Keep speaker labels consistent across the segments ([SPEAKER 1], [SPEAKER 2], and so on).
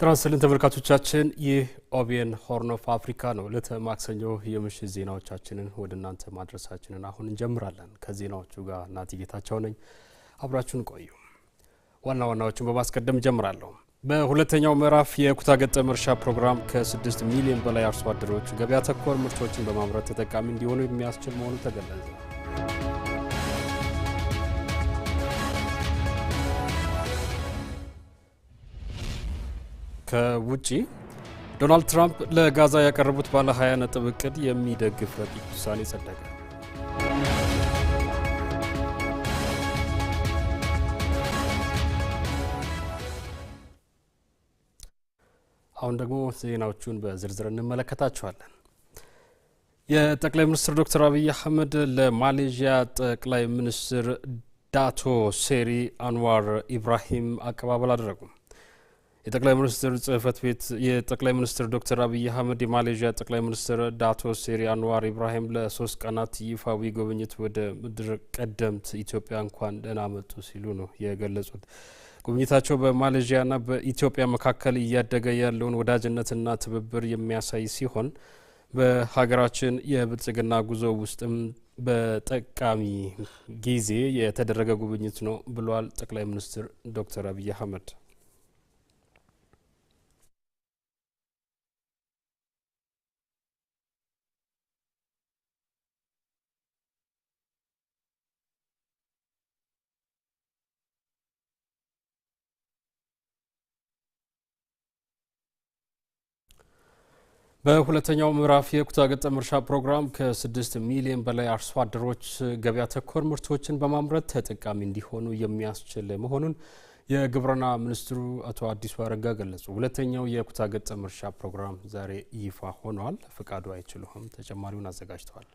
[SPEAKER 1] ትራንስልን ተመልካቾቻችን፣ ይህ ኦቢኤን ሆርን ኦፍ አፍሪካ ነው። ለተ ማክሰኞ የምሽት ዜናዎቻችንን ወደ እናንተ ማድረሳችንን አሁን እንጀምራለን። ከዜናዎቹ ጋር ናቲ ጌታቸው ነኝ። አብራችሁን ቆዩ። ዋና ዋናዎቹን በማስቀደም ጀምራለሁ በሁለተኛው ምዕራፍ የኩታ ገጠም እርሻ ፕሮግራም ከ6 ሚሊዮን በላይ አርሶ አደሮች ገበያ ተኮር ምርቶችን በማምረት ተጠቃሚ እንዲሆኑ የሚያስችል መሆኑ ተገለጸ። ከውጪ ዶናልድ ትራምፕ ለጋዛ ያቀረቡት ባለ 20 ነጥብ እቅድ የሚደግፍ ረቂቅ ውሳኔ ጸደቀ። አሁን ደግሞ ዜናዎቹን በዝርዝር እንመለከታቸዋለን። የጠቅላይ ሚኒስትር ዶክተር አብይ አህመድ ለማሌዥያ ጠቅላይ ሚኒስትር ዳቶ ሴሪ አንዋር ኢብራሂም አቀባበል አደረጉም። የጠቅላይ ሚኒስትር ጽህፈት ቤት የጠቅላይ ሚኒስትር ዶክተር አብይ አህመድ የማሌዥያ ጠቅላይ ሚኒስትር ዳቶ ሴሪ አንዋር ኢብራሂም ለሶስት ቀናት ይፋዊ ጉብኝት ወደ ምድር ቀደምት ኢትዮጵያ እንኳን ደህና መጡ ሲሉ ነው የገለጹት። ጉብኝታቸው በማሌዥያና በኢትዮጵያ መካከል እያደገ ያለውን ወዳጅነትና ትብብር የሚያሳይ ሲሆን በሀገራችን የብልጽግና ጉዞ ውስጥም በጠቃሚ ጊዜ የተደረገ ጉብኝት ነው ብሏል ጠቅላይ ሚኒስትር ዶክተር አብይ አህመድ። በሁለተኛው ምዕራፍ የኩታ ገጠም እርሻ ፕሮግራም ከስድስት ሚሊዮን በላይ አርሶ አደሮች ገበያ ተኮር ምርቶችን በማምረት ተጠቃሚ እንዲሆኑ የሚያስችል መሆኑን የግብርና ሚኒስትሩ አቶ አዲሱ አረጋ ገለጹ። ሁለተኛው የኩታ ገጠም እርሻ ፕሮግራም ዛሬ ይፋ ሆኗል። ፍቃዱ አይችሉም ተጨማሪውን አዘጋጅተዋል።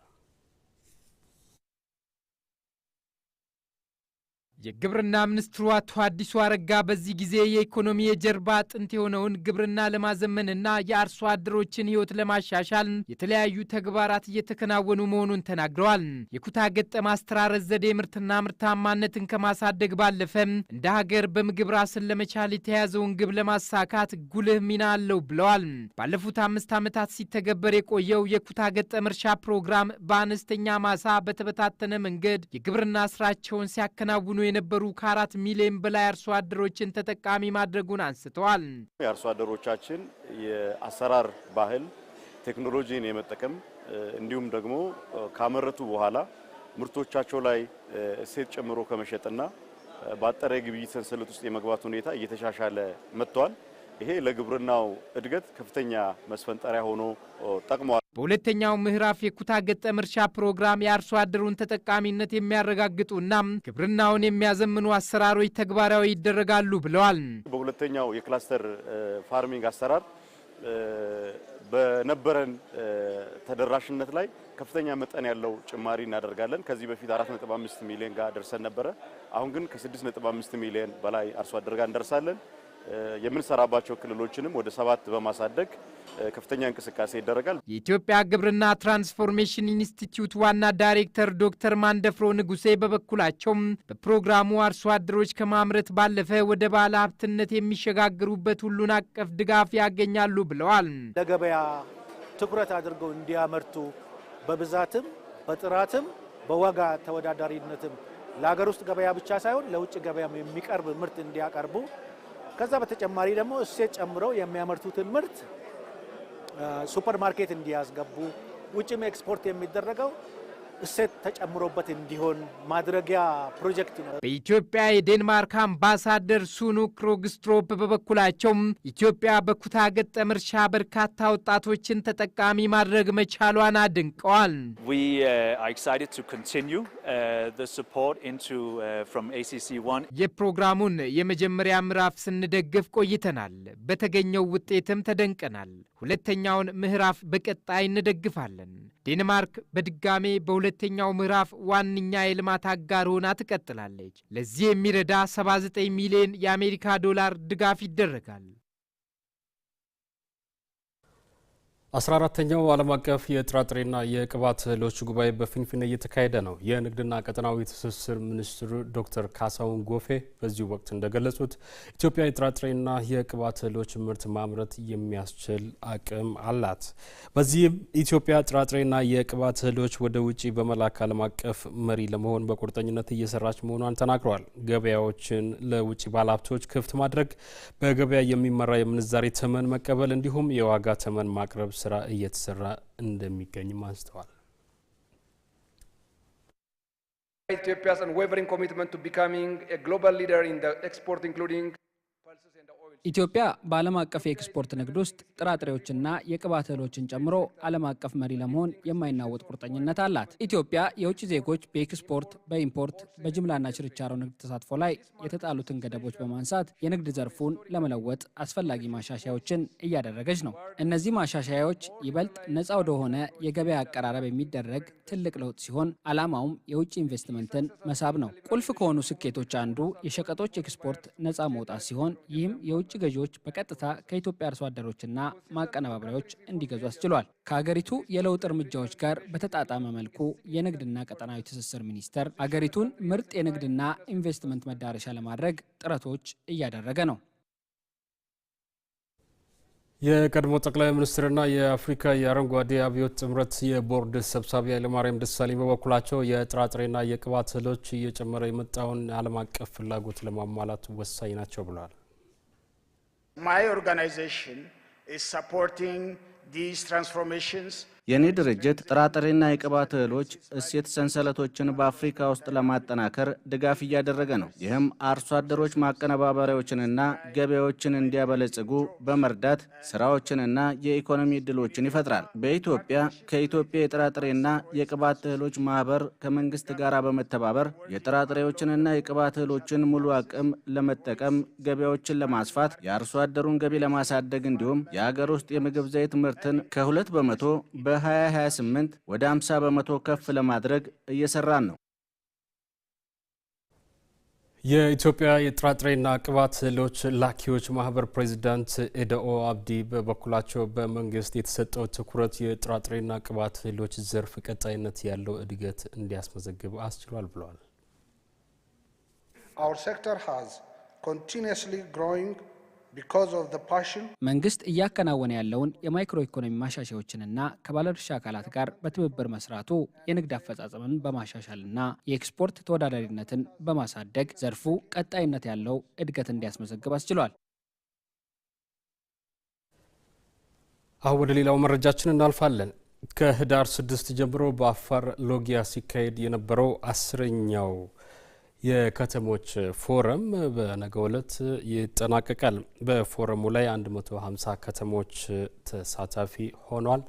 [SPEAKER 2] የግብርና ሚኒስትሩ አቶ አዲሱ አረጋ በዚህ ጊዜ የኢኮኖሚ የጀርባ አጥንት የሆነውን ግብርና ለማዘመንና የአርሶ አደሮችን ሕይወት ለማሻሻል የተለያዩ ተግባራት እየተከናወኑ መሆኑን ተናግረዋል። የኩታ ገጠም አስተራረስ ዘዴ ምርትና ምርታማነትን ከማሳደግ ባለፈ እንደ ሀገር በምግብ ራስን ለመቻል የተያዘውን ግብ ለማሳካት ጉልህ ሚና አለው ብለዋል። ባለፉት አምስት ዓመታት ሲተገበር የቆየው የኩታ ገጠም እርሻ ፕሮግራም በአነስተኛ ማሳ በተበታተነ መንገድ የግብርና ስራቸውን ሲያከናውኑ የነበሩ ከአራት ሚሊዮን በላይ አርሶ አደሮችን ተጠቃሚ ማድረጉን አንስተዋል።
[SPEAKER 3] የአርሶ አደሮቻችን የአሰራር ባህል ቴክኖሎጂን የመጠቀም እንዲሁም ደግሞ ካመረቱ በኋላ ምርቶቻቸው ላይ እሴት ጨምሮ ከመሸጥና በአጠረ ግብይት ሰንሰለት ውስጥ የመግባት ሁኔታ እየተሻሻለ መጥቷል። ይሄ ለግብርናው እድገት ከፍተኛ መስፈንጠሪያ ሆኖ
[SPEAKER 2] ጠቅሟል። በሁለተኛው ምዕራፍ የኩታ ገጠም እርሻ ፕሮግራም የአርሶ አደሩን ተጠቃሚነት የሚያረጋግጡና ግብርናውን የሚያዘምኑ አሰራሮች ተግባራዊ ይደረጋሉ ብለዋል።
[SPEAKER 3] በሁለተኛው የክላስተር ፋርሚንግ አሰራር በነበረን ተደራሽነት ላይ ከፍተኛ መጠን ያለው ጭማሪ እናደርጋለን። ከዚህ በፊት 4.5 ሚሊዮን ጋር ደርሰን ነበረ። አሁን ግን ከ6.5 ሚሊዮን በላይ አርሶ አደር ጋር እንደርሳለን። የምንሰራባቸው ክልሎችንም ወደ ሰባት በማሳደግ ከፍተኛ እንቅስቃሴ
[SPEAKER 2] ይደረጋል። የኢትዮጵያ ግብርና ትራንስፎርሜሽን ኢንስቲትዩት ዋና ዳይሬክተር ዶክተር ማንደፍሮ ንጉሴ በበኩላቸው በፕሮግራሙ አርሶ አደሮች ከማምረት ባለፈ ወደ ባለ ሀብትነት የሚሸጋግሩበት ሁሉን አቀፍ ድጋፍ ያገኛሉ ብለዋል።
[SPEAKER 4] ለገበያ ትኩረት አድርገው እንዲያመርቱ በብዛትም በጥራትም በዋጋ ተወዳዳሪነትም ለሀገር ውስጥ ገበያ ብቻ ሳይሆን ለውጭ ገበያም የሚቀርብ ምርት እንዲያቀርቡ ከዛ በተጨማሪ ደግሞ እሴት ጨምረው የሚያመርቱትን ምርት ሱፐር ማርኬት እንዲያስገቡ ውጭም ኤክስፖርት የሚደረገው እሴት ተጨምሮበት እንዲሆን ማድረጊያ ፕሮጀክት
[SPEAKER 2] ነው። በኢትዮጵያ የዴንማርክ አምባሳደር ሱኑ ክሮግስትሮፕ በበኩላቸው ኢትዮጵያ በኩታ ገጠም እርሻ በርካታ ወጣቶችን ተጠቃሚ ማድረግ መቻሏን አድንቀዋል።
[SPEAKER 5] uh, uh, uh,
[SPEAKER 2] የፕሮግራሙን የመጀመሪያ ምዕራፍ ስንደግፍ ቆይተናል። በተገኘው ውጤትም ተደንቀናል። ሁለተኛውን ምዕራፍ በቀጣይ እንደግፋለን። ዴንማርክ በድጋሜ በሁለተኛው ምዕራፍ ዋነኛ የልማት አጋር ሆና ትቀጥላለች። ለዚህ የሚረዳ 79 ሚሊዮን የአሜሪካ ዶላር ድጋፍ ይደረጋል።
[SPEAKER 1] አስራ አራተኛው ዓለም አቀፍ የጥራጥሬና የቅባት እህሎች ጉባኤ በፊንፊኔ እየተካሄደ ነው። የንግድና ቀጠናዊ ትስስር ሚኒስትሩ ዶክተር ካሳሁን ጎፌ በዚሁ ወቅት እንደገለጹት ኢትዮጵያ የጥራጥሬና የቅባት እህሎች ምርት ማምረት የሚያስችል አቅም አላት። በዚህም ኢትዮጵያ ጥራጥሬና የቅባት እህሎች ወደ ውጭ በመላክ ዓለም አቀፍ መሪ ለመሆን በቁርጠኝነት እየሰራች መሆኗን ተናግረዋል። ገበያዎችን ለውጭ ባለሀብቶች ክፍት ማድረግ፣ በገበያ የሚመራ የምንዛሬ ተመን መቀበል እንዲሁም የዋጋ ተመን ማቅረብ ስራ እየተሰራ እንደሚገኝም አንስተዋል።
[SPEAKER 6] Ethiopia's unwavering commitment to becoming a global leader in the export including
[SPEAKER 2] ኢትዮጵያ በዓለም አቀፍ የኤክስፖርት ንግድ ውስጥ ጥራጥሬዎችና የቅባት እህሎችን ጨምሮ ዓለም አቀፍ መሪ ለመሆን የማይናወጥ ቁርጠኝነት አላት። ኢትዮጵያ የውጭ ዜጎች በኤክስፖርት፣ በኢምፖርት፣ በጅምላና ችርቻሮ ንግድ ተሳትፎ ላይ የተጣሉትን ገደቦች በማንሳት የንግድ ዘርፉን ለመለወጥ አስፈላጊ ማሻሻያዎችን እያደረገች ነው። እነዚህ ማሻሻያዎች ይበልጥ ነፃ ወደሆነ የገበያ አቀራረብ የሚደረግ ትልቅ ለውጥ ሲሆን ዓላማውም የውጭ ኢንቨስትመንትን መሳብ ነው። ቁልፍ ከሆኑ ስኬቶች አንዱ የሸቀጦች ኤክስፖርት ነፃ መውጣት ሲሆን ይህም የውጭ የውጭ ገዢዎች በቀጥታ ከኢትዮጵያ አርሶ አደሮችና ማቀነባበሪያዎች እንዲገዙ አስችሏል። ከሀገሪቱ የለውጥ እርምጃዎች ጋር በተጣጣመ መልኩ የንግድና ቀጠናዊ ትስስር ሚኒስቴር አገሪቱን ምርጥ የንግድና ኢንቨስትመንት መዳረሻ ለማድረግ ጥረቶች እያደረገ ነው።
[SPEAKER 1] የቀድሞ ጠቅላይ ሚኒስትርና የአፍሪካ የአረንጓዴ አብዮት ጥምረት የቦርድ ሰብሳቢ ኃይለማርያም ደሳለኝ በበኩላቸው የጥራጥሬና የቅባት እህሎች እየጨመረ የመጣውን ዓለም አቀፍ ፍላጎት ለማሟላት ወሳኝ ናቸው ብለዋል።
[SPEAKER 7] My organization is supporting these transformations
[SPEAKER 2] የኔ ድርጅት ጥራጥሬና የቅባት እህሎች እሴት ሰንሰለቶችን በአፍሪካ ውስጥ ለማጠናከር ድጋፍ እያደረገ ነው። ይህም አርሶ አደሮች ማቀነባበሪያዎችንና ገበያዎችን እንዲያበለጽጉ በመርዳት ስራዎችንና የኢኮኖሚ እድሎችን ይፈጥራል። በኢትዮጵያ ከኢትዮጵያ የጥራጥሬና የቅባት እህሎች ማህበር ከመንግስት ጋር በመተባበር የጥራጥሬዎችንና የቅባት እህሎችን ሙሉ አቅም ለመጠቀም ገበያዎችን ለማስፋት የአርሶ አደሩን ገቢ ለማሳደግ እንዲሁም የአገር ውስጥ የምግብ ዘይት ምርትን ከሁለት በመቶ በ 2028 ወደ 50 በመቶ ከፍ ለማድረግ እየሰራን ነው።
[SPEAKER 1] የኢትዮጵያ የጥራጥሬና ቅባት እህሎች ላኪዎች ማህበር ፕሬዚዳንት ኤደኦ አብዲ በበኩላቸው በመንግስት የተሰጠው ትኩረት የጥራጥሬና ቅባት እህሎች ዘርፍ ቀጣይነት ያለው እድገት እንዲያስመዘግብ አስችሏል ብለዋል።
[SPEAKER 2] መንግስት እያከናወነ ያለውን የማይክሮ ኢኮኖሚ ማሻሻዎችንና ከባለድርሻ አካላት ጋር በትብብር መስራቱ የንግድ አፈጻጸምን በማሻሻልና የኤክስፖርት ተወዳዳሪነትን በማሳደግ ዘርፉ ቀጣይነት ያለው እድገት እንዲያስመዘግብ አስችሏል።
[SPEAKER 1] አሁን ወደ ሌላው መረጃችን እናልፋለን። ከህዳር ስድስት ጀምሮ በአፋር ሎጊያ ሲካሄድ የነበረው አስረኛው የከተሞች ፎረም በነገው ዕለት ይጠናቀቃል። በፎረሙ ላይ 150 ከተሞች ተሳታፊ ሆኗል።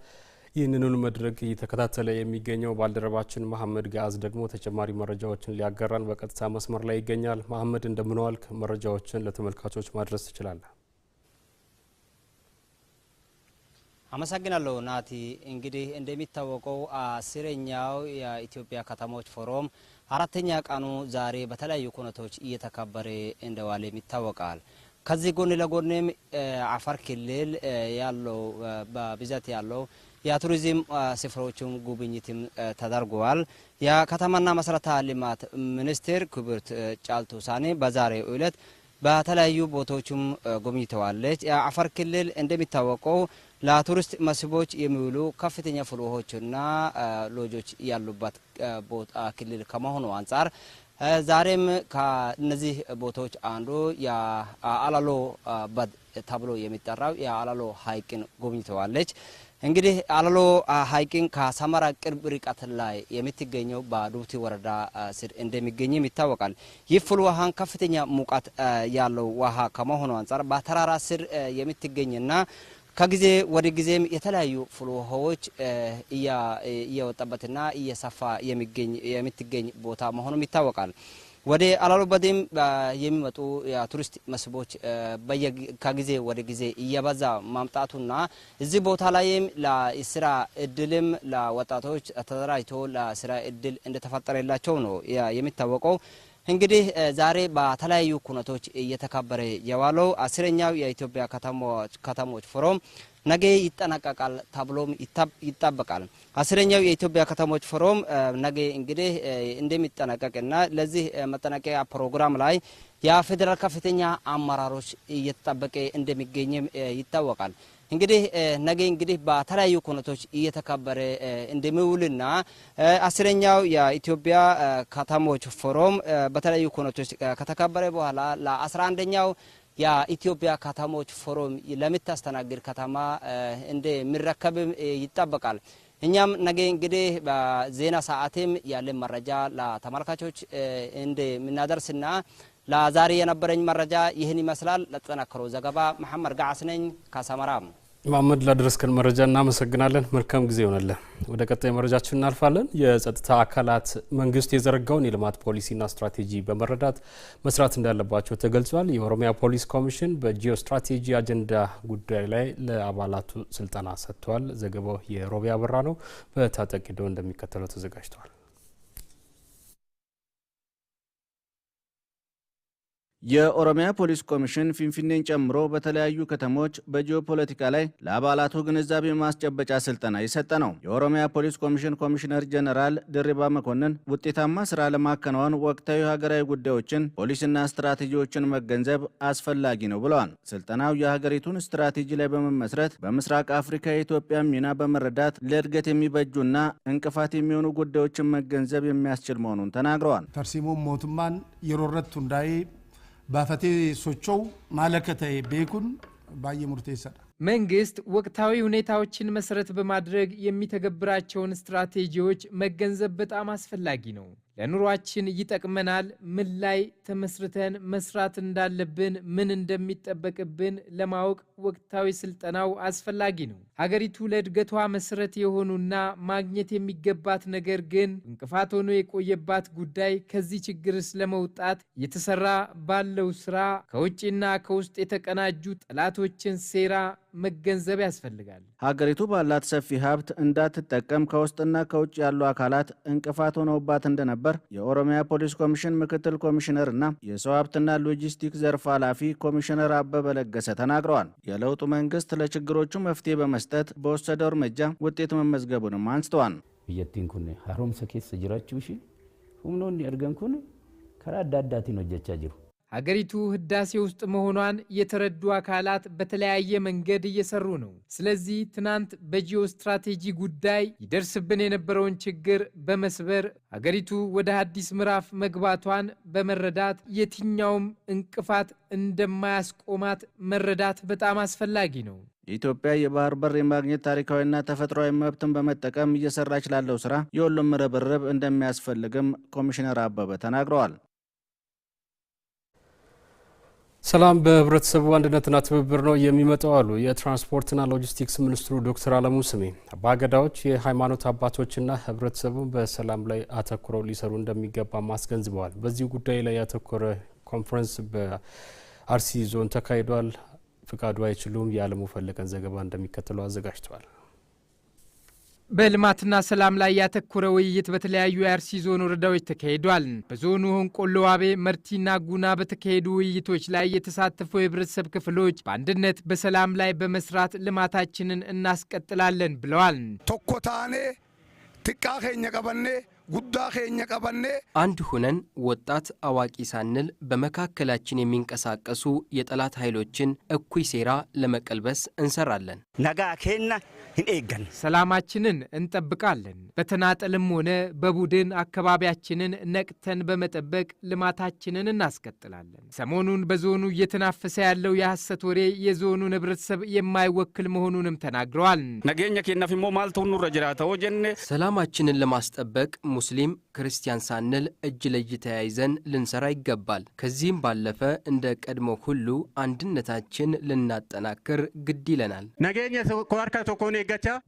[SPEAKER 1] ይህንኑን መድረክ እየተከታተለ የሚገኘው ባልደረባችን መሀመድ ጋዝ ደግሞ ተጨማሪ መረጃዎችን ሊያገራን በቀጥታ መስመር ላይ ይገኛል። መሀመድ እንደምንዋልክ መረጃዎችን ለተመልካቾች ማድረስ ትችላለን?
[SPEAKER 8] አመሰግናለሁ ናቲ። እንግዲህ እንደሚታወቀው አስረኛው የኢትዮጵያ ከተሞች ፎረም አራተኛ ቀኑ ዛሬ በተለያዩ ኩነቶች እየተከበረ እንደዋለም ይታወቃል። ከዚህ ጎን ለጎንም አፋር ክልል ያለው በብዛት ያለው የቱሪዝም ስፍራዎችም ጉብኝትም ተደርጓል። የከተማና መሰረተ ልማት ሚኒስቴር ክብርት ጫልቱ ሳኔ በዛሬው እለት በተለያዩ ቦታዎችም ጎብኝተዋለች። የአፋር ክልል እንደሚታወቀው ለቱሪስት መስህቦች የሚውሉ ከፍተኛ ፍልሆችና ሎጆች ያሉበት ቦታ ክልል ከመሆኑ አንጻር ዛሬም ከእነዚህ ቦታዎች አንዱ የአላሎ በድ ተብሎ የሚጠራው የአላሎ ሐይቅን ጎብኝተዋለች። እንግዲህ አላሎ ሐይቅን ከሰመራ ቅርብ ርቀት ላይ የምትገኘው በዱብቲ ወረዳ ስር እንደሚገኝም ይታወቃል። ይህ ፍል ውሃን ከፍተኛ ሙቀት ያለው ውሃ ከመሆኑ አንጻር በተራራ ስር የምትገኝና ከጊዜ ወደ ጊዜም የተለያዩ ውሃዎች እየወጣበትና እየሰፋ የምትገኝ ቦታ መሆኑም ይታወቃል። ወደ አላሉበቴም የሚመጡ ቱሪስት መስህቦች ከጊዜ ወደ ጊዜ እየበዛ ማምጣቱና እዚህ ቦታ ላይም ለስራ እድልም ለወጣቶች ተደራጅቶ ለስራ እድል እንደተፈጠረላቸው ነው የሚታወቀው። እንግዲህ ዛሬ በተለያዩ ኩነቶች እየተከበረ የዋለው አስረኛው የኢትዮጵያ ከተሞች ፎረም ነገ ይጠናቀቃል ተብሎም ይጠበቃል። አስረኛው የኢትዮጵያ ከተሞች ፎረም ነገ እንግዲህ እንደሚጠናቀቅና ለዚህ መጠናቀቂያ ፕሮግራም ላይ የፌዴራል ከፍተኛ አመራሮች እየተጠበቀ እንደሚገኝም ይታወቃል። እንግዲህ ነገ እንግዲህ በተለያዩ ኩነቶች እየተከበረ እንደሚውልና አስረኛው የኢትዮጵያ ከተሞች ፎረም በተለያዩ ኩነቶች ከተከበረ በኋላ ለ11ኛው የኢትዮጵያ ከተሞች ፎረም ለምታስተናግድ ከተማ እንደሚረከብም ይጠበቃል። እኛም ነገ እንግዲህ በዜና ሰዓትም ያለን መረጃ ለተመልካቾች እንደምናደርስና ለዛሬ የነበረኝ መረጃ ይህን ይመስላል። ለተጠናከረው ዘገባ መሐመድ ጋዓስ ነኝ ከሰመራም
[SPEAKER 1] ማመድ ላደረስከን መረጃ እናመሰግናለን። መልካም ጊዜ ይሆነልን። ወደ ቀጣይ መረጃችን እናልፋለን። የጸጥታ አካላት መንግስት የዘረጋውን የልማት ፖሊሲና ስትራቴጂ በመረዳት መስራት እንዳለባቸው ተገልጿል። የኦሮሚያ ፖሊስ ኮሚሽን በጂኦ ስትራቴጂ አጀንዳ ጉዳይ ላይ ለአባላቱ ስልጠና ሰጥቷል። ዘገባው የሮቢያ አበራ ነው። በታጠቂዶ እንደሚከተለው ተዘጋጅተዋል።
[SPEAKER 2] የኦሮሚያ ፖሊስ ኮሚሽን ፊንፊኔን ጨምሮ በተለያዩ ከተሞች በጂኦፖለቲካ ላይ ለአባላቱ ግንዛቤ ማስጨበጫ ስልጠና የሰጠ ነው። የኦሮሚያ ፖሊስ ኮሚሽን ኮሚሽነር ጀነራል ድሪባ መኮንን ውጤታማ ስራ ለማከናወን ወቅታዊ ሀገራዊ ጉዳዮችን፣ ፖሊሲና ስትራቴጂዎችን መገንዘብ አስፈላጊ ነው ብለዋል። ስልጠናው የሀገሪቱን ስትራቴጂ ላይ በመመስረት በምስራቅ አፍሪካ የኢትዮጵያ ሚና በመረዳት ለእድገት የሚበጁና እንቅፋት የሚሆኑ ጉዳዮችን መገንዘብ የሚያስችል መሆኑን ተናግረዋል።
[SPEAKER 9] ተርሲሞም ሞቱማን የሮረት ቱንዳይ ባፈቴ ሶቾው ማለከተ ቤኩን ባየ ሙርቴሰዳ
[SPEAKER 2] መንግስት ወቅታዊ ሁኔታዎችን መሰረት በማድረግ የሚተገብራቸውን ስትራቴጂዎች መገንዘብ በጣም አስፈላጊ ነው። ለኑሯችን ይጠቅመናል፣ ምን ላይ ተመስርተን መስራት እንዳለብን፣ ምን እንደሚጠበቅብን ለማወቅ ወቅታዊ ስልጠናው አስፈላጊ ነው። ሀገሪቱ ለእድገቷ መሰረት የሆኑና ማግኘት የሚገባት ነገር ግን እንቅፋት ሆኖ የቆየባት ጉዳይ ከዚህ ችግርስ ለመውጣት የተሰራ ባለው ስራ ከውጭና ከውስጥ የተቀናጁ ጠላቶችን ሴራ መገንዘብ ያስፈልጋል። ሀገሪቱ ባላት ሰፊ ሀብት እንዳትጠቀም ከውስጥና ከውጭ ያሉ አካላት እንቅፋት ሆነውባት እንደነበር የኦሮሚያ ፖሊስ ኮሚሽን ምክትል ኮሚሽነር እና የሰው ሀብትና ሎጂስቲክ ዘርፍ ኃላፊ ኮሚሽነር አበበ ለገሰ ተናግረዋል። የለውጡ መንግስት ለችግሮቹ መፍትሄ በመስጠት በወሰደው እርምጃ ውጤት መመዝገቡንም
[SPEAKER 10] አንስተዋል። ብየቲን ኩን ሀሮምሰ ኬስ ጅራችሁ ሺ ሁምኖኒ እርገን ኩን ከራ አዳ
[SPEAKER 2] ጅሩ አገሪቱ ህዳሴ ውስጥ መሆኗን የተረዱ አካላት በተለያየ መንገድ እየሰሩ ነው። ስለዚህ ትናንት በጂኦ ስትራቴጂ ጉዳይ ይደርስብን የነበረውን ችግር በመስበር አገሪቱ ወደ አዲስ ምዕራፍ መግባቷን በመረዳት የትኛውም እንቅፋት እንደማያስቆማት መረዳት በጣም አስፈላጊ ነው። የኢትዮጵያ የባህር በር የማግኘት ታሪካዊና ተፈጥሯዊ መብትን በመጠቀም እየሰራች ላለው ስራ የሁሉም ርብርብ እንደሚያስፈልግም ኮሚሽነር አበበ ተናግረዋል።
[SPEAKER 1] ሰላም በህብረተሰቡ አንድነትና ትብብር ነው የሚመጣው አሉ የትራንስፖርትና ሎጂስቲክስ ሚኒስትሩ ዶክተር አለሙ ስሜ። በአገዳዎች የሃይማኖት አባቶችና ህብረተሰቡን በሰላም ላይ አተኩረው ሊሰሩ እንደሚገባ አስገንዝበዋል። በዚህ ጉዳይ ላይ ያተኮረ ኮንፈረንስ በአርሲ ዞን ተካሂዷል። ፍቃዱ አይችሉም የአለሙ ፈለቀን ዘገባ እንደሚከተለው አዘጋጅተዋል።
[SPEAKER 2] በልማትና ሰላም ላይ ያተኮረ ውይይት በተለያዩ የአርሲ ዞን ወረዳዎች ተካሂዷል። በዞኑ ሆንቆሎ ዋቤ፣ መርቲና ጉና በተካሄዱ ውይይቶች ላይ የተሳተፉ የህብረተሰብ ክፍሎች በአንድነት በሰላም ላይ በመስራት ልማታችንን እናስቀጥላለን
[SPEAKER 11] ብለዋል። ቶኮታኔ ትቃ ኸኘ ቀበኔ ጉዳ ኸኘ
[SPEAKER 2] ቀበኔ አንድ ሁነን ወጣት አዋቂ ሳንል በመካከላችን የሚንቀሳቀሱ የጠላት ኃይሎችን እኩይ ሴራ ለመቀልበስ እንሰራለን
[SPEAKER 12] ነጋ ኬና ሂንኤገን
[SPEAKER 2] ሰላማችንን እንጠብቃለን። በተናጠልም ሆነ በቡድን አካባቢያችንን ነቅተን በመጠበቅ ልማታችንን እናስቀጥላለን። ሰሞኑን በዞኑ እየተናፈሰ ያለው የሐሰት ወሬ የዞኑን ህብረተሰብ የማይወክል መሆኑንም ተናግረዋል።
[SPEAKER 13] ነገኘ ኬናፊሞ ማልተውኑ ረጅራተው ጀን
[SPEAKER 2] ሰላማችንን ለማስጠበቅ ሙስሊም ክርስቲያን ሳንል እጅ ለእጅ ተያይዘን ልንሰራ ይገባል። ከዚህም ባለፈ እንደ ቀድሞ ሁሉ አንድነታችን ልናጠናክር ግድ
[SPEAKER 14] ይለናል። ነገኘ ኮርካ ቶኮኔ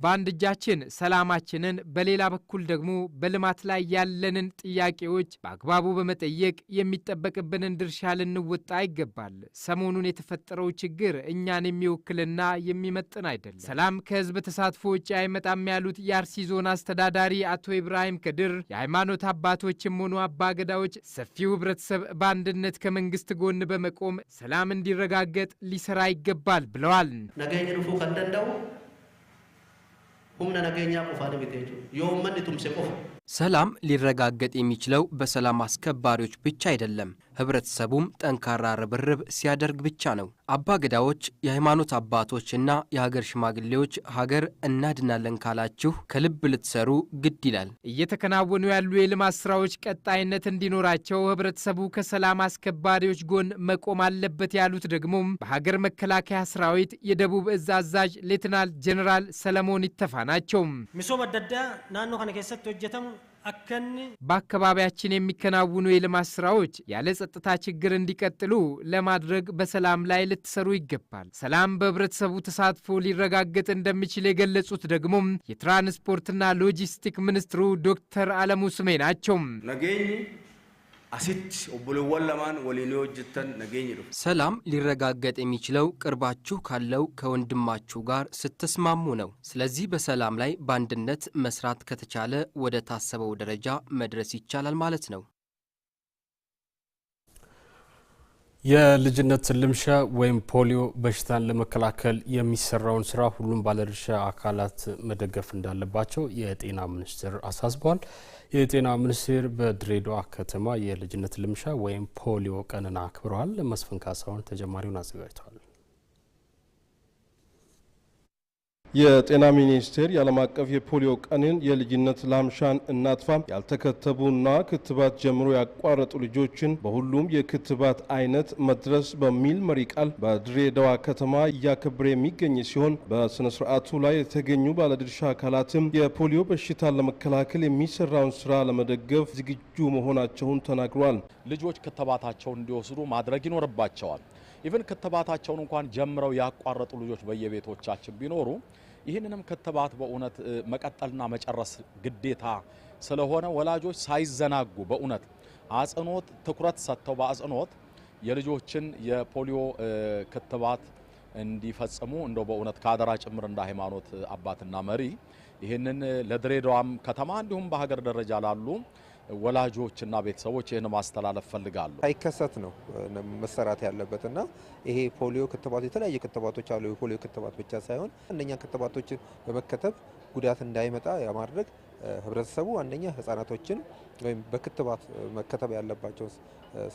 [SPEAKER 2] በአንድ እጃችን ሰላማችንን፣ በሌላ በኩል ደግሞ በልማት ላይ ያለንን ጥያቄዎች በአግባቡ በመጠየቅ የሚጠበቅብንን ድርሻ ልንወጣ ይገባል። ሰሞኑን የተፈጠረው ችግር እኛን የሚወክልና የሚመጥን አይደለም። ሰላም ከህዝብ ተሳትፎ ውጭ አይመጣም ያሉት የአርሲ ዞን አስተዳዳሪ አቶ ኢብራሂም ከድር የሃይማኖት አባቶችም ሆኑ አባገዳዎች ሰፊው ህብረተሰብ በአንድነት ከመንግስት ጎን በመቆም ሰላም እንዲረጋገጥ ሊሰራ ይገባል
[SPEAKER 15] ብለዋል። ነገኝ humna nageenyaa qofaadha miti jechuudha yoo uummanni tumse
[SPEAKER 2] qofa ሰላም ሊረጋገጥ የሚችለው በሰላም አስከባሪዎች ብቻ አይደለም፣ ህብረተሰቡም ጠንካራ ርብርብ ሲያደርግ ብቻ ነው። አባ ገዳዎች፣ የሃይማኖት አባቶችና የሀገር ሽማግሌዎች ሀገር እናድናለን ካላችሁ ከልብ ልትሰሩ ግድ ይላል። እየተከናወኑ ያሉ የልማት ስራዎች ቀጣይነት እንዲኖራቸው ህብረተሰቡ ከሰላም አስከባሪዎች ጎን መቆም አለበት ያሉት ደግሞም በሀገር መከላከያ ሰራዊት የደቡብ እዝ አዛዥ ሌትናል ጄኔራል ሰለሞን ይተፋ ናቸው።
[SPEAKER 16] ሚሶ መደዳ ናኖ ከነ ከሰት ሆጀተሙ
[SPEAKER 2] በአካባቢያችን የሚከናውኑ የልማት ስራዎች ያለ ጸጥታ ችግር እንዲቀጥሉ ለማድረግ በሰላም ላይ ልትሰሩ ይገባል። ሰላም በህብረተሰቡ ተሳትፎ ሊረጋገጥ እንደሚችል የገለጹት ደግሞ የትራንስፖርትና ሎጂስቲክ ሚኒስትሩ ዶክተር አለሙ ስሜ ናቸው።
[SPEAKER 17] asitti obboleewwan lamaan waliin ወጅተን
[SPEAKER 2] hojjettan ሰላም ሊረጋገጥ የሚችለው ቅርባችሁ ካለው ከወንድማችሁ ጋር ስትስማሙ ነው። ስለዚህ በሰላም ላይ በአንድነት መስራት ከተቻለ ወደ ታሰበው ደረጃ መድረስ ይቻላል ማለት ነው።
[SPEAKER 1] የልጅነት ልምሻ ወይም ፖሊዮ በሽታን ለመከላከል የሚሰራውን ስራ ሁሉም ባለድርሻ አካላት መደገፍ እንዳለባቸው የጤና ሚኒስቴር አሳስበዋል። የጤና ሚኒስቴር በድሬዳዋ ከተማ የልጅነት ልምሻ ወይም ፖሊዮ ቀንን አክብረዋል። መስፍን ካሳሁን ተጨማሪውን አዘጋጅተዋል። የጤና ሚኒስቴር የዓለም አቀፍ የፖሊዮ ቀንን የልጅነት ላምሻን እናጥፋ ያልተከተቡና ክትባት ጀምሮ ያቋረጡ ልጆችን በሁሉም የክትባት አይነት መድረስ በሚል መሪ ቃል በድሬዳዋ ከተማ እያከበረ የሚገኝ ሲሆን በስነ ስርዓቱ ላይ የተገኙ ባለድርሻ አካላትም የፖሊዮ በሽታን ለመከላከል የሚሰራውን ስራ ለመደገፍ ዝግጁ መሆናቸውን ተናግሯል።
[SPEAKER 2] ልጆች ክትባታቸውን እንዲወስዱ ማድረግ ይኖርባቸዋል። ኢቨን ክትባታቸውን እንኳን ጀምረው ያቋረጡ ልጆች በየቤቶቻችን ቢኖሩ ይህንንም ክትባት በእውነት መቀጠልና መጨረስ ግዴታ ስለሆነ ወላጆች ሳይዘናጉ በእውነት አጽንኦት ትኩረት ሰጥተው በአጽንኦት የልጆችን የፖሊዮ ክትባት እንዲፈጽሙ እንደው በእውነት ከአደራ ጭምር እንደ ሃይማኖት አባትና መሪ ይህንን ለድሬዳዋም ከተማ እንዲሁም በሀገር ደረጃ ላሉ ወላጆችና ቤተሰቦች ይህን ማስተላለፍ ፈልጋሉ።
[SPEAKER 18] ሳይከሰት ነው መሰራት ያለበትና ይሄ ፖሊዮ ክትባት የተለያየ ክትባቶች አሉ። የፖሊዮ ክትባት ብቻ ሳይሆን እነኛ ክትባቶችን በመከተብ ጉዳት እንዳይመጣ የማድረግ ህብረተሰቡ አንደኛ ህጻናቶችን ወይም በክትባት መከተብ ያለባቸው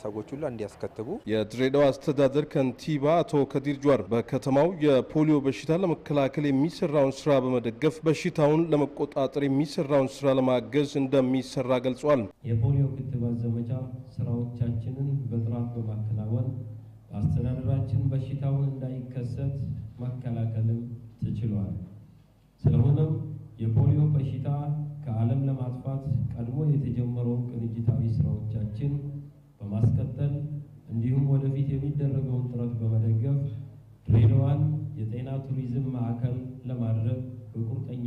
[SPEAKER 18] ሰዎች ሁሉ
[SPEAKER 1] እንዲያስከትቡ። የድሬዳዋ አስተዳደር ከንቲባ አቶ ከዲር ጇር በከተማው የፖሊዮ በሽታ ለመከላከል የሚሰራውን ስራ በመደገፍ በሽታውን ለመቆጣጠር የሚሰራውን ስራ ለማገዝ እንደሚሰራ
[SPEAKER 19] ገልጿል። የፖሊዮ ክትባት ዘመቻ ስራዎቻችንን በጥራት በማከናወን አስተዳደራችን በሽታውን እንዳይከሰት መከላከልም ተችሏል። ስለሆነም የፖሊዮ በሽታ ከዓለም ለማጥፋት ቀድሞ የተጀመረውን ቅንጅታዊ ስራዎቻችን በማስቀጠል እንዲሁም ወደፊት የሚደረገውን ጥረት በመደገፍ ድሬዳዋን የጤና ቱሪዝም ማዕከል ለማድረግ በቁርጠኛ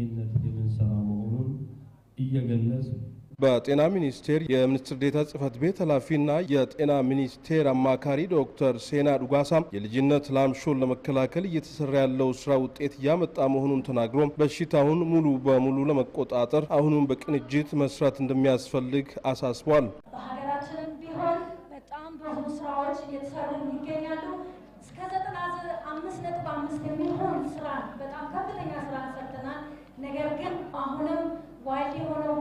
[SPEAKER 1] በጤና ሚኒስቴር የሚኒስትር ዴታ ጽህፈት ቤት ኃላፊና የጤና ሚኒስቴር አማካሪ ዶክተር ሴና ዱጋሳ የልጅነት ላምሾን ለመከላከል እየተሰራ ያለው ስራ ውጤት እያመጣ መሆኑን ተናግሮ በሽታውን ሙሉ በሙሉ ለመቆጣጠር አሁኑም በቅንጅት መስራት እንደሚያስፈልግ አሳስቧል።
[SPEAKER 20] በሀገራችንም ቢሆን በጣም ብዙ ስራዎች እየተሰሩ ይገኛሉ። እስከ ዘጠና አምስት ነጥብ አምስት የሚሆን ስራ በጣም ከፍተኛ ስራ ሰርተናል። ነገር ግን አሁንም ዋይድ የሆነው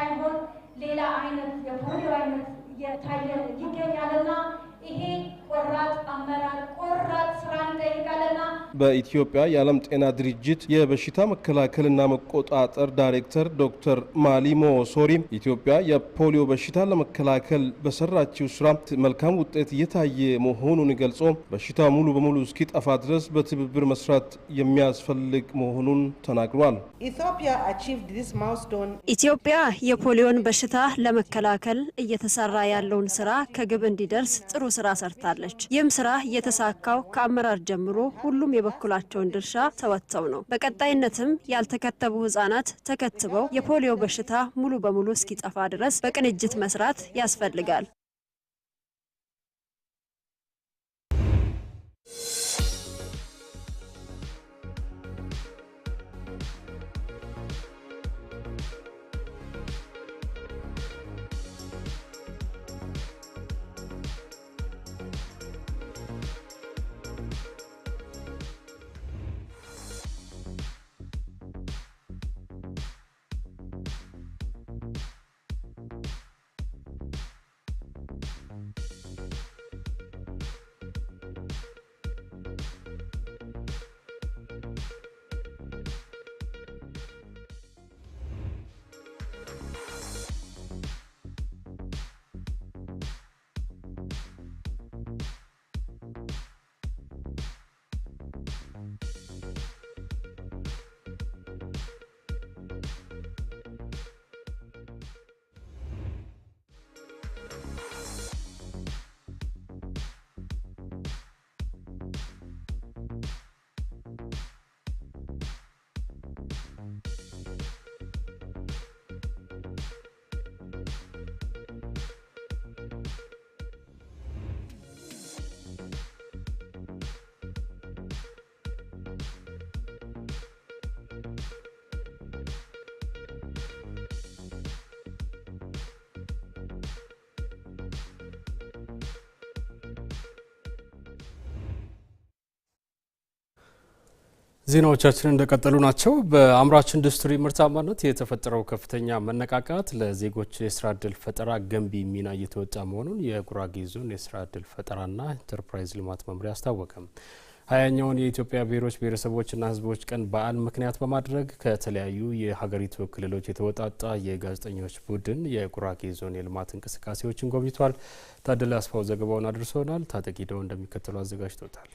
[SPEAKER 20] ሳይሆን ሌላ አይነት የፖሊዮ አይነት እየታየ ይገኛልና ይሄ
[SPEAKER 1] በኢትዮጵያ የዓለም ጤና ድርጅት የበሽታ መከላከልና መቆጣጠር ዳይሬክተር ዶክተር ማሊሞ ሶሪ ኢትዮጵያ የፖሊዮ በሽታ ለመከላከል በሰራችው ስራ መልካም ውጤት እየታየ መሆኑን ገልጾ በሽታ ሙሉ በሙሉ እስኪጠፋ ድረስ በትብብር መስራት የሚያስፈልግ መሆኑን
[SPEAKER 21] ተናግሯል።
[SPEAKER 2] ኢትዮጵያ የፖሊዮን በሽታ ለመከላከል እየተሰራ ያለውን ስራ ከግብ እንዲደርስ ጥሩ ስራ ሰርታል። አስረድታለች። ይህም ስራ የተሳካው ከአመራር ጀምሮ ሁሉም የበኩላቸውን ድርሻ ተወጥተው ነው። በቀጣይነትም ያልተከተቡ ህጻናት ተከትበው የፖሊዮ በሽታ ሙሉ በሙሉ እስኪጠፋ ድረስ በቅንጅት መስራት ያስፈልጋል።
[SPEAKER 1] ዜናዎቻችን እንደቀጠሉ ናቸው። በአምራች ኢንዱስትሪ ምርታማነት የተፈጠረው ከፍተኛ መነቃቃት ለዜጎች የስራ እድል ፈጠራ ገንቢ ሚና እየተወጣ መሆኑን የጉራጌ ዞን የስራ እድል ፈጠራና ኢንተርፕራይዝ ልማት መምሪያ አስታወቀም። ሀያኛውን የኢትዮጵያ ብሔሮች ብሔረሰቦችና ህዝቦች ቀን በዓል ምክንያት በማድረግ ከተለያዩ የሀገሪቱ ክልሎች የተወጣጣ የጋዜጠኞች ቡድን የጉራጌ ዞን የልማት እንቅስቃሴዎችን ጎብኝቷል። ታደለ አስፋው ዘገባውን አድርሶናል። ታጠቂደው እንደሚከተሉ አዘጋጅቶታል።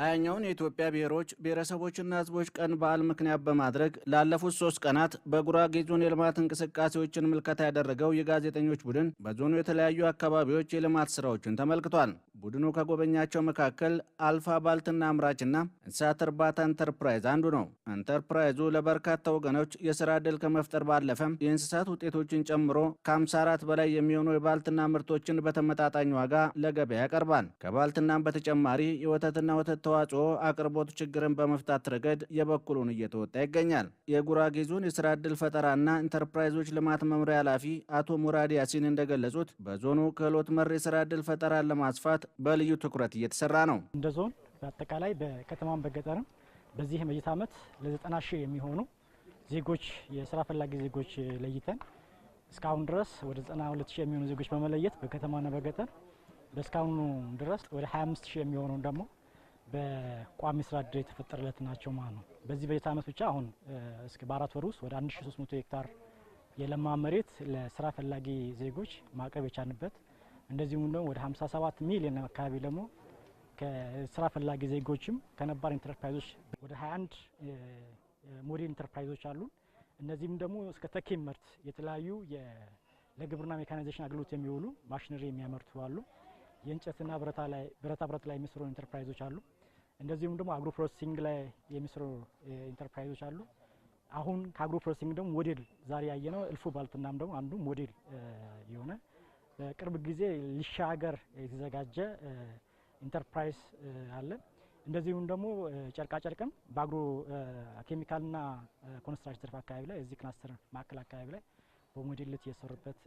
[SPEAKER 2] ሀያኛውን የኢትዮጵያ ብሔሮች ብሔረሰቦችና ህዝቦች ቀን በዓል ምክንያት በማድረግ ላለፉት ሶስት ቀናት በጉራጌ ዞን የልማት እንቅስቃሴዎችን ምልከታ ያደረገው የጋዜጠኞች ቡድን በዞኑ የተለያዩ አካባቢዎች የልማት ስራዎችን ተመልክቷል። ቡድኑ ከጎበኛቸው መካከል አልፋ ባልትና አምራችና እንስሳት እርባታ ኢንተርፕራይዝ አንዱ ነው። ኢንተርፕራይዙ ለበርካታ ወገኖች የስራ ዕድል ከመፍጠር ባለፈም የእንስሳት ውጤቶችን ጨምሮ ከ54 በላይ የሚሆኑ የባልትና ምርቶችን በተመጣጣኝ ዋጋ ለገበያ ያቀርባል። ከባልትናም በተጨማሪ የወተትና ወተት አስተዋጽኦ አቅርቦት ችግርን በመፍታት ረገድ የበኩሉን እየተወጣ ይገኛል። የጉራጌ ዞን የስራ ዕድል ፈጠራና ኢንተርፕራይዞች ልማት መምሪያ ኃላፊ አቶ ሙራድ ያሲን እንደገለጹት በዞኑ ክህሎት መር የስራ ዕድል ፈጠራን ለማስፋት በልዩ ትኩረት እየተሰራ
[SPEAKER 22] ነው። እንደ ዞን በአጠቃላይ በከተማም በገጠርም በዚህም በጀት ዓመት ለ ሺህ የሚሆኑ ዜጎች የስራ ፈላጊ ዜጎች ለይተን እስካሁን ድረስ ወደ 92 ሺህ የሚሆኑ ዜጎች በመለየት በከተማና በገጠር በእስካሁኑ ድረስ ወደ 25 ሺህ የሚሆኑ ደግሞ በቋሚ ስራ እድል የተፈጠረለት ናቸው ማለት ነው። በዚህ በጀት አመት ብቻ አሁን እስከ በአራት ወር ውስጥ ወደ 1300 ሄክታር የለማ መሬት ለስራ ፈላጊ ዜጎች ማቅረብ የቻንበት እንደዚሁም ደግሞ ወደ 57 ሚሊዮን አካባቢ ደግሞ ከስራ ፈላጊ ዜጎችም ከነባር ኢንተርፕራይዞች ወደ 21 ሞዴል ኢንተርፕራይዞች አሉ። እነዚህም ደግሞ እስከ ተኪ ምርት የተለያዩ ለግብርና ሜካናይዜሽን አገልግሎት የሚውሉ ማሽነሪ የሚያመርቱ አሉ። የእንጨትና ብረታ ብረት ላይ የሚሰሩ ኢንተርፕራይዞች አሉ። እንደዚሁም ደግሞ አግሮ ፕሮሰሲንግ ላይ የሚሰሩ ኢንተርፕራይዞች አሉ። አሁን ከአግሮ ፕሮሰሲንግ ደግሞ ሞዴል ዛሬ ያየነው እልፎ ባልትናም ደግሞ አንዱ ሞዴል የሆነ በቅርብ ጊዜ ሊሻገር የተዘጋጀ ኢንተርፕራይዝ አለ። እንደዚሁም ደግሞ ጨርቃጨርቅም በአግሮ ኬሚካልና ኮንስትራክሽን ዘርፍ አካባቢ ላይ እዚህ ክላስተር ማዕከል አካባቢ ላይ በሞዴልነት እየሰሩበት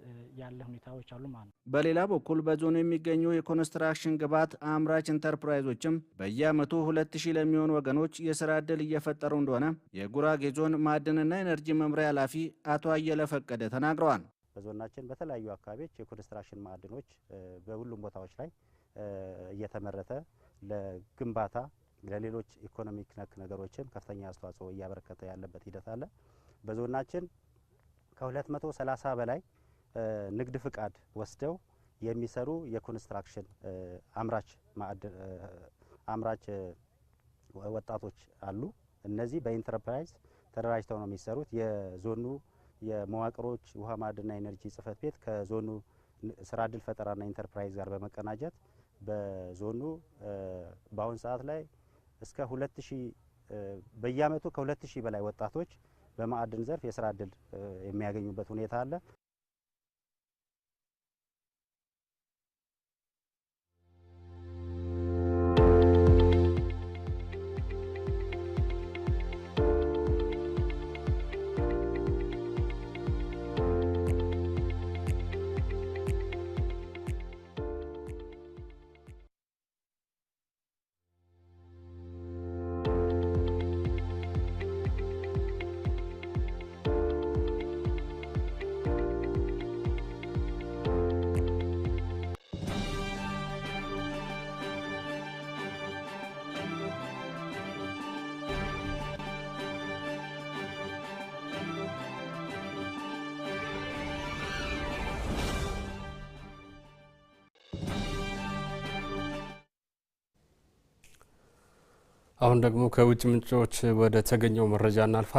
[SPEAKER 22] ያለ ሁኔታዎች አሉ
[SPEAKER 2] ማለት ነው። በሌላ በኩል በዞኑ የሚገኙ የኮንስትራክሽን ግብዓት አምራች ኢንተርፕራይዞችም በየዓመቱ ሁለት ሺህ ለሚሆኑ ወገኖች የስራ ዕድል እየፈጠሩ እንደሆነ የጉራጌ ዞን ማዕድንና ኤነርጂ መምሪያ ኃላፊ አቶ አየለ ፈቀደ ተናግረዋል።
[SPEAKER 23] በዞናችን በተለያዩ አካባቢዎች የኮንስትራክሽን ማዕድኖች በሁሉም ቦታዎች ላይ እየተመረተ ለግንባታ ለሌሎች ኢኮኖሚክ ነክ ነገሮችም ከፍተኛ አስተዋጽኦ እያበረከተ ያለበት ሂደት አለ። በዞናችን ከ230 በላይ ንግድ ፍቃድ ወስደው የሚሰሩ የኮንስትራክሽን አምራች አምራች ወጣቶች አሉ። እነዚህ በኢንተርፕራይዝ ተደራጅተው ነው የሚሰሩት። የዞኑ የመዋቅሮች ውሃ ማዕድንና ኢነርጂ ጽህፈት ቤት ከዞኑ ስራ እድል ፈጠራና ኢንተርፕራይዝ ጋር በመቀናጀት በዞኑ በአሁን ሰዓት ላይ እስከ 2000 በየአመቱ ከሁለት ሺህ በላይ ወጣቶች በማዕድን ዘርፍ የስራ እድል የሚያገኙበት ሁኔታ አለ።
[SPEAKER 1] አሁን ደግሞ ከውጭ ምንጮች ወደ ተገኘው መረጃ እናልፋለን።